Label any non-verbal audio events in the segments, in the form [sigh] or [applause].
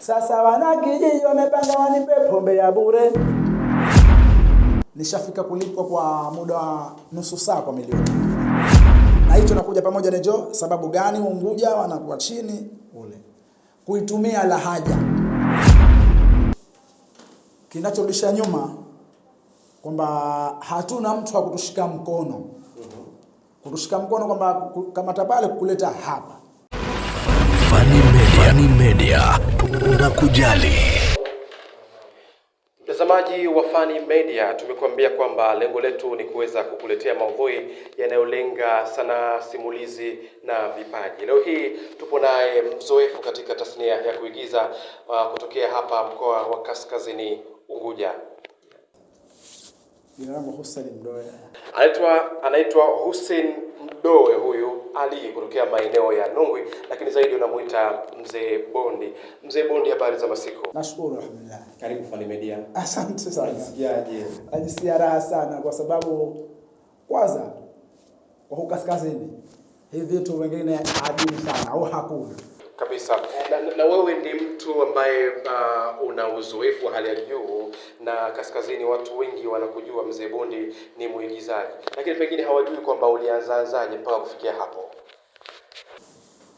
Sasa wanakijiji wamepanga wanipe pombe ya bure. Nishafika kulipwa kwa muda wa nusu saa kwa milioni, na hicho nakuja pamoja nejo. Sababu gani? Unguja wanakuwa chini ule kuitumia lahaja, kinachorudisha nyuma kwamba hatuna mtu wa kutushika mkono, kutushika mkono kwamba kamata pale kuleta hapa Fani Media. Media kujali. Mtazamaji wa Fani Media, tumekuambia kwamba lengo letu ni kuweza kukuletea maudhui yanayolenga sanaa, simulizi na vipaji. Leo hii tupo naye mzoefu katika tasnia ya kuigiza uh, kutokea hapa mkoa wa Kaskazini Unguja Jina langu Hussein Mdoe. Anaitwa anaitwa Hussein Mdoe huyu Ali kutokea maeneo ya Nungwi, lakini zaidi unamuita Mzee Bondi. Mzee Bondi, habari za masiko? Nashukuru, alhamdulillah. Karibu Fani Media. Asante sana. Unajisikiaje? Najisikia raha sana kwa sababu kwanza kwa huku kaskazini hivi vitu vingine adimu sana au hakuna kabisa. Na, na wewe ni mtu ambaye uh, una uzoefu wa hali ya juu, na kaskazini watu wengi wanakujua Mzee Bondi ni mwigizaji, lakini pengine hawajui kwamba ulianzaanzaje mpaka kufikia hapo.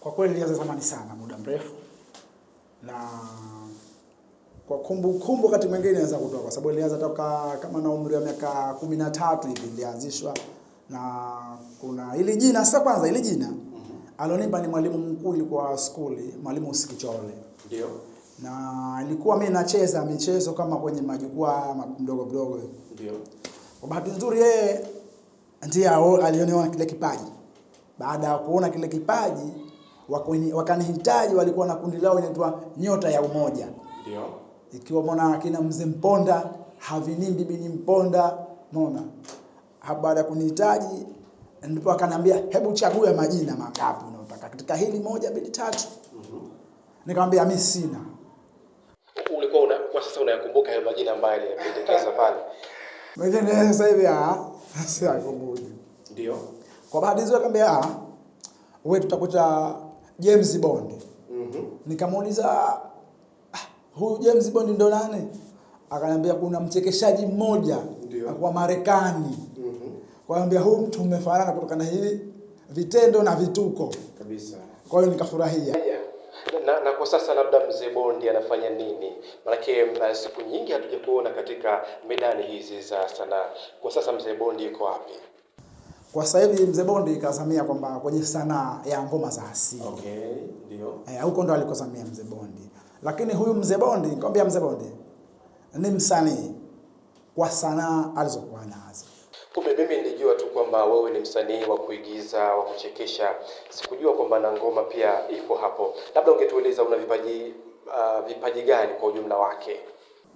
Kwa kweli nilianza zamani sana, muda mrefu, na kwa kumbukumbu wakati mwingine naweza kutoka kwa sababu nilianza toka kama na umri wa miaka kumi na tatu hivi nilianzishwa, na kuna hili jina sasa. Kwanza ili jina Alionipa ni mwalimu mkuu ilikuwa skuli, mwalimu Usikichole. Ndio. Na ilikuwa mimi nacheza michezo kama kwenye majukwaa mdogo mdogo. Ndio. Kwa bahati nzuri yeye ndiye alioniona kile kipaji. Baada ya kuona kile kipaji wakanihitaji, walikuwa na kundi lao inaitwa Nyota ya Umoja. Ndio. Ikiwa na akina Mzee Mponda, Havinimbi Bini Mponda, mbona? Baada ya kunihitaji ndipo akaniambia hebu chague majina mangapi unayotaka katika hili moja mbili tatu. Mhm. Nikamwambia mi sina. Ulikuwa una kwa sasa unayakumbuka hayo majina ambayo pale? sasa hivi ah, Ndio. Kwa bahati nzuri akamwambia ah, wewe tutakuta James Bond. Mhm. Nikamuuliza ah, huyu James Bond ndo nani? Akaniambia kuna mchekeshaji mmoja kwa Marekani kwambia huyu mtu mmefanana kutokana hivi vitendo na vituko kabisa. Kwa hiyo nikafurahia na, na kwa sasa labda mzee Bondi anafanya nini? Maanake siku nyingi hatujakuona katika medani hizi za sanaa. Kwa sasa mzee Bondi yuko wapi? Kwa sasa hivi mzee Bondi kazamia kwamba kwenye sanaa ya ngoma za asili. Okay, ndio. Eh, huko ndo alikozamia mzee Bondi. Lakini huyu mzee Bondi, nikwambia mzee Bondi ni msanii kwa sanaa alizokuwa nazo. Kumbe mimi ni kwamba wewe ni msanii wa kuigiza wa kuchekesha, sikujua kwamba na ngoma pia ipo hapo. Labda ungetueleza una vipaji uh, vipaji gani kwa ujumla wake?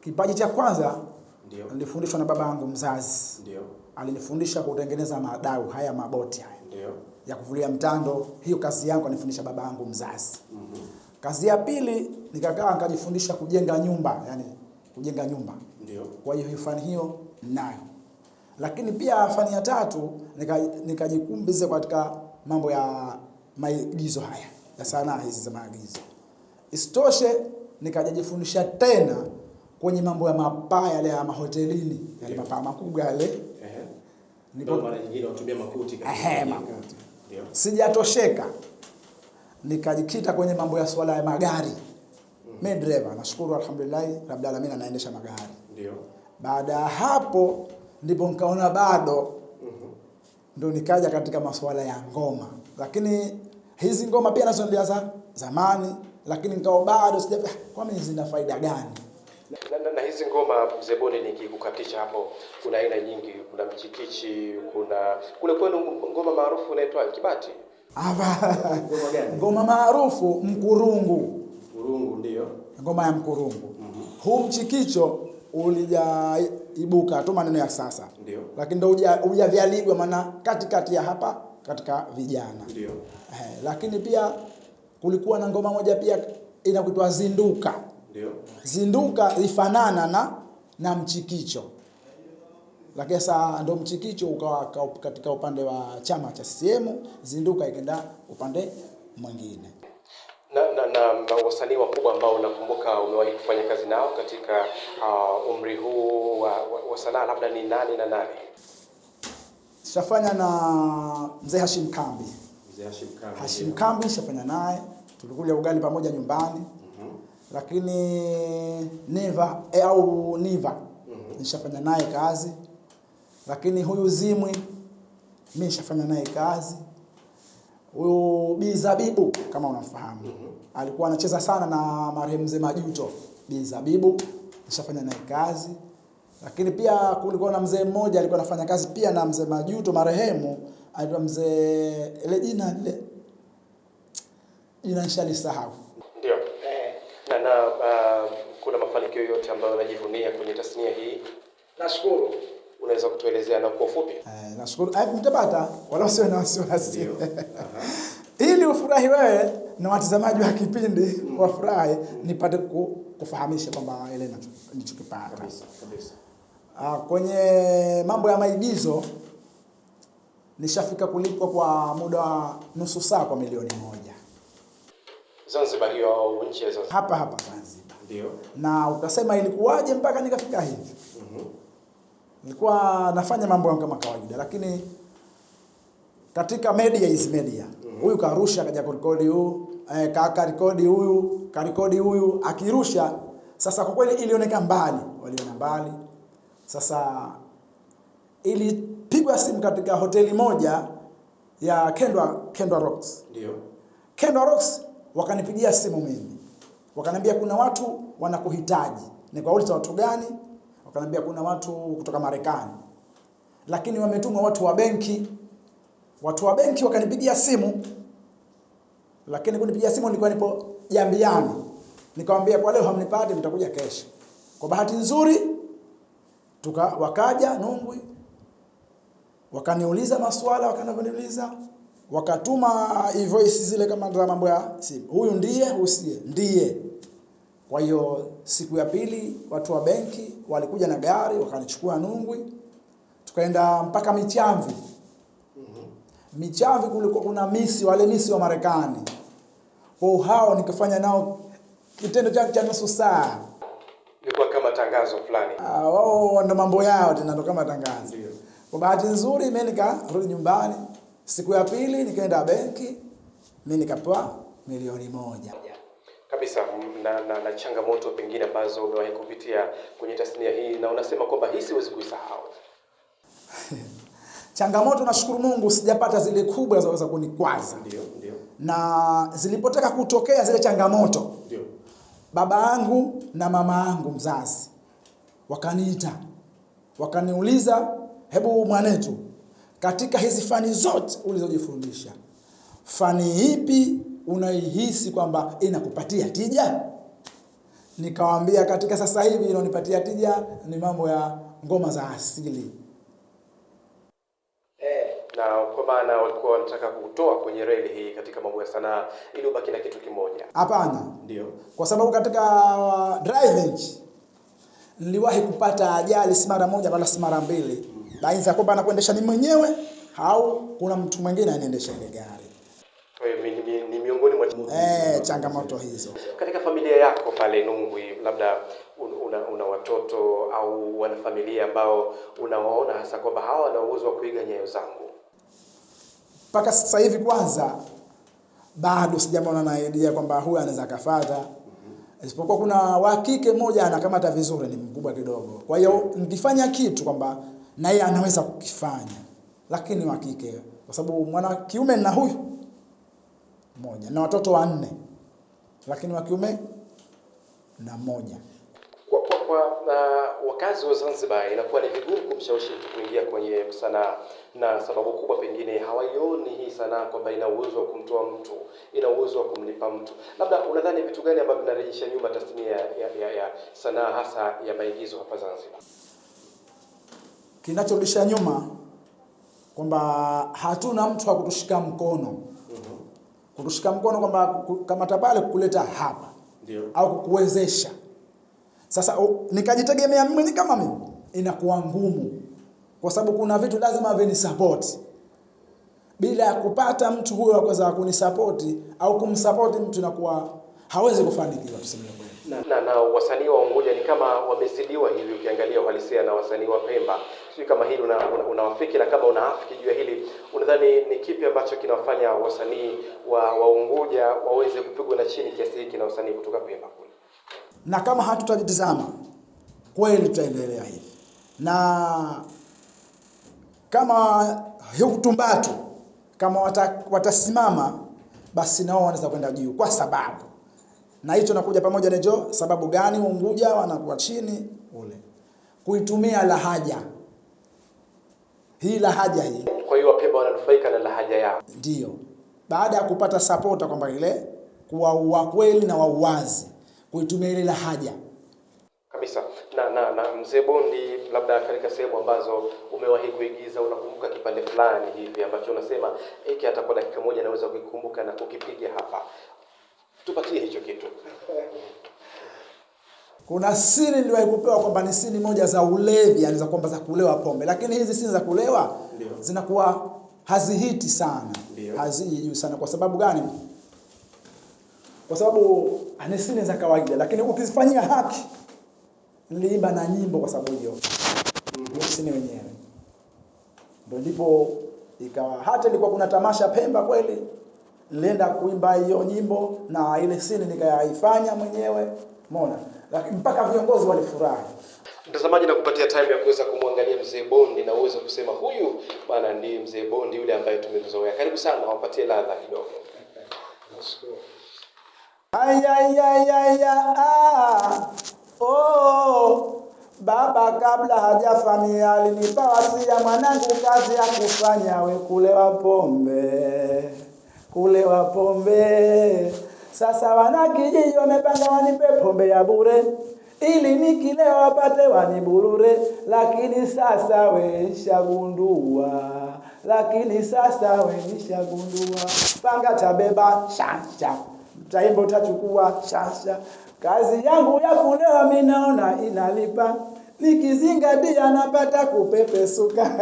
Kipaji cha kwanza ndio nilifundishwa na baba yangu mzazi, ndio alinifundisha kutengeneza madau haya maboti haya ndio ya kuvulia mtando. Hiyo kazi yangu anifundisha baba yangu mzazi. mm -hmm. Kazi ya pili nikakaa nikajifundisha kujenga nyumba, yani kujenga nyumba ndio. Kwa hiyo hiyo fani hiyo nayo lakini pia fani ya tatu nikajikumbiza nika katika mambo ya maigizo haya ya sanaa hizi za maigizo. Isitoshe nikajifundisha tena kwenye mambo ya mapaa yale ya mahotelini yale mapaa makubwa yale mara nyingine watumia makuti kama makuti. Sijatosheka, nikajikita kwenye mambo ya swala ya magari. Mimi mm. nashukuru alhamdulillah, rabbil alamin, anaendesha magari. Ndio. Baada ya hapo ndipo nikaona bado mhm. ndo nikaja katika masuala ya ngoma, lakini hizi ngoma pia nazoambia za zamani, lakini nikao bado sija, ah, kwa mimi zina faida gani? Na, na, na hizi ngoma mzee Boni, nikikukatisha hapo, kuna aina nyingi, kuna mchikichi, kuna kule kwenu ngoma maarufu inaitwa kibati. ngoma maarufu mkurungu. Mkurungu ndio ngoma ya mkurungu. mm -hmm. Huu mchikicho ulijaibuka tu maneno ya sasa ndio, lakini ndo hujavyalibwa maana katikati ya hapa katika vijana ndio. Eh, lakini pia kulikuwa na ngoma moja pia inakuitwa zinduka ndio. Zinduka ifanana na na mchikicho, lakini sasa ndo mchikicho ukawa katika upande wa chama cha CCM, zinduka ikenda upande mwingine na, na wasanii wakubwa ambao unakumbuka umewahi kufanya kazi nao katika uh, umri huu wa, wa, wa sanaa labda ni nani na nani? Shafanya na mzee Hashim Kambi. Mzee Hashim Kambi. Hashim Kambi shafanya naye, tulikula ugali pamoja nyumbani. Mm -hmm. Lakini Niva e, eh, au Niva mm -hmm. nishafanya naye kazi, lakini huyu Zimwi mimi nishafanya naye kazi, huyu Bizabibu kama unafahamu mm -hmm alikuwa anacheza sana na marehemu mzee Majuto bin Zabibu, nishafanya naye kazi, lakini pia kulikuwa na mzee mmoja alikuwa anafanya kazi pia na mzee Majuto marehemu, aitwa mzee ile jina ile jina nishalisahau, ndio eh, na na uh, kuna mafanikio yote ambayo unajivunia kwenye tasnia hii? Nashukuru unaweza kutuelezea na kwa ufupi? Eh, nashukuru. Eh, mtapata wala sio na wasiwasi. [laughs] ili ufurahi wewe na watazamaji wa kipindi wafurahi, nipate kufahamisha kwamba ile nilichokipata ah, kwenye mambo ya maigizo nishafika kulipwa kwa muda wa nusu saa kwa milioni moja Zanzibar hiyo au nchi ya Zanzibar? Hapa hapa Zanzibar. Ndio. Na utasema ilikuwaje mpaka nikafika hivi? Mhm. Mm Nilikuwa nafanya mambo yangu kama kawaida, lakini katika media is media huyu karusha akaja kurekodi eh, huyu eh, karekodi huyu karekodi huyu akirusha. Sasa kwa kweli ilioneka mbali, waliona mbali. Sasa ilipigwa simu katika hoteli moja ya Kendwa, Kendwa Rocks. Ndio. Kendwa Rocks wakanipigia simu mimi, wakaniambia kuna watu wanakuhitaji. nikauliza watu gani? Wakaniambia kuna watu kutoka Marekani, lakini wametumwa watu wa benki. Watu wa benki wakanipigia simu lakini kunipigia simu nilikuwa nipo Jambiani, nikamwambia kwa leo hamnipati, mtakuja kesho. Kwa bahati nzuri tuka wakaja Nungwi, wakaniuliza maswala, wakaniuliza wakatuma invoice zile kama za mambo ya simu, huyu ndiye usiye ndiye. Kwa hiyo siku ya pili watu wa benki walikuja na gari wakanichukua Nungwi, tukaenda mpaka Michamvi. Mhm. Michamvi kulikuwa kuna misi wale misi wa Marekani kwa hao nikafanya nao kitendo cha cha nusu saa. Ilikuwa kama tangazo fulani. Ah, wao ndo mambo yao tena, ndo kama tangazo. Kwa bahati nzuri mimi nikarudi nyumbani, siku ya pili nikaenda benki, mimi nikapewa milioni moja kabisa. Na, na, na changamoto pengine ambazo umewahi kupitia kwenye tasnia hii na unasema kwamba hii siwezi kuisahau [laughs] changamoto nashukuru Mungu sijapata zile kubwa zaweza kunikwaza. Ndio na zilipotaka kutokea zile changamoto Dio. baba yangu na mama yangu mzazi wakaniita wakaniuliza hebu mwanetu katika hizi fani zote ulizojifundisha fani ipi unaihisi kwamba inakupatia tija nikawambia katika sasa hivi inaonipatia tija ni mambo ya ngoma za asili na kwa maana walikuwa wanataka kutoa kwenye reli hii katika mambo ya sanaa ili ubaki na kitu kimoja? Hapana, ndio kwa sababu katika uh, driving niliwahi kupata ajali si mara moja wala si mara mbili, baina mm-hmm. ya kwamba anakuendesha ni mwenyewe au kuna mtu mwingine anaendesha ile gari. Kwa hiyo ni miongoni mwa eh, changamoto hizo. Katika familia yako pale Nungwi, labda una, una watoto au wana familia ambao unawaona hasa kwamba hawa wana uwezo wa kuiga nyayo zangu mpaka sasa hivi kwanza bado sijaona na idea kwamba huyu anaweza akafata isipokuwa kuna wakike mmoja anakamata vizuri ni mkubwa kidogo kwa hiyo nikifanya kitu kwamba na yeye anaweza kukifanya lakini wakike kwa sababu mwana kiume na huyu moja na watoto wanne lakini wa kiume na moja kwa uh, wakazi wa Zanzibar inakuwa ni vigumu kumshawishi mtu kuingia kwenye sanaa, na sababu kubwa pengine hawaioni hii sanaa kwamba ina uwezo wa kumtoa mtu, ina uwezo wa kumlipa mtu. Labda unadhani vitu gani ambavyo vinarejesha nyuma tasnia ya, ya, ya, ya sanaa hasa ya maigizo hapa Zanzibar? Kinachorudisha nyuma kwamba hatuna mtu wa kutushika mkono mm -hmm. kutushika mkono kwamba kamata pale kukuleta hapa ndio, au kukuwezesha sasa oh, nikajitegemea mimi kama mimi inakuwa ngumu, kwa sababu kuna vitu lazima support. Bila ya kupata mtu huyo akaweza kunisapoti au kumsapoti mtu, inakuwa hawezi kufanikiwa, tuseme kweli. Na, na wasanii wa Unguja ni kama wamezidiwa hivi, ukiangalia uhalisia na wasanii wa Pemba. Sijui kama hili unawafiki una, una na kama unaafiki juu ya hili, unadhani ni kipi ambacho kinawafanya wasanii wa, wa Unguja waweze kupigwa na chini kiasi hiki na wasanii kutoka Pemba? na kama hatutajitizama kweli tutaendelea hivi, na kama hukutumbatu kama wata, watasimama basi nao wanaweza kwenda juu, kwa sababu na hicho nakuja pamoja na Sababu gani? Unguja wanakuwa chini ule, kuitumia lahaja hii, lahaja hii. Kwa hiyo Wapemba wananufaika na lahaja yao, ndio baada ya kupata sapota kwamba ile kuwa wakweli kweli na wauwazi kuitumia ile haja kabisa. Na na, na mzee Bondi, labda katika sehemu ambazo umewahi kuigiza, unakumbuka kipande fulani hivi ambacho unasema hiki hata kwa dakika moja naweza kuikumbuka na kukipiga hapa, tupatie hicho kitu. Kuna siri niliwahi kupewa kwamba ni siri moja za ulevi, yani za kwamba za kulewa pombe, lakini hizi siri za kulewa zinakuwa hazihiti sana, haziji sana. Kwa sababu gani? kwa sababu anesi za kawaida, lakini ukizifanyia haki, niliimba na nyimbo kwa sababu hiyo ofisini mhm. mm -hmm. wenyewe ndio ndipo ikawa, hata ilikuwa kuna tamasha Pemba kweli, nilienda kuimba hiyo nyimbo na ile sini nikaifanya mwenyewe, umeona, lakini mpaka viongozi walifurahi. Mtazamaji, na kupatia time ya kuweza kumwangalia mzee Bondi na uweze kusema huyu bwana ndiye mzee Bondi yule ambaye tumemzoea. Karibu sana, wapatie ladha kidogo. Nashukuru. Ayayayaya, ah, oh, baba kabla hajafania alinipa wasia, mwanangu, kazi ya kufanya we kulewa pombe, kulewa pombe. Sasa wanakijiji wamepanga wanipe pombe ya bure ili nikilewa wapate waniburure, lakini sasa we nishagundua, lakini sasa we nishagundua, panga chabeba shasha Utaimba, utachukua shasha. Kazi yangu ya kulewa mimi inalipa, nikizingatia napata kupepesuka. [laughs]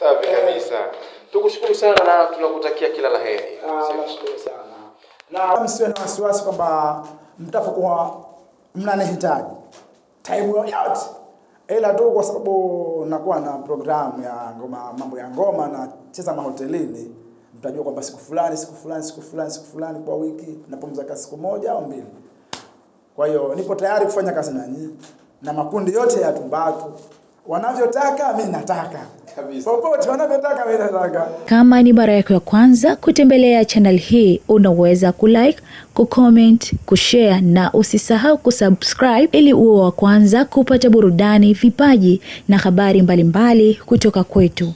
Safi kabisa. Tukushukuru sana na tunakutakia kila la heri. Ah, na msiwe na wasiwasi kwamba mtapokuwa mnanihitaji time yoyote, ila tu kwa sababu nakuwa na programu ya ngoma, mambo ya ngoma, nacheza mahotelini mtajua kwamba siku fulani siku fulani siku fulani siku fulani kwa wiki napumzika siku moja au mbili. Kwa hiyo nipo tayari kufanya kazi nanyi na makundi yote ya Tumbatu wanavyotaka mi nataka popote wanavyotaka mi nataka. Kama ni mara yako ya kwanza kutembelea channel hii, unaweza kulike, kucomment, kushare na usisahau kusubscribe ili uwe wa kwanza kupata burudani, vipaji na habari mbalimbali mbali kutoka kwetu.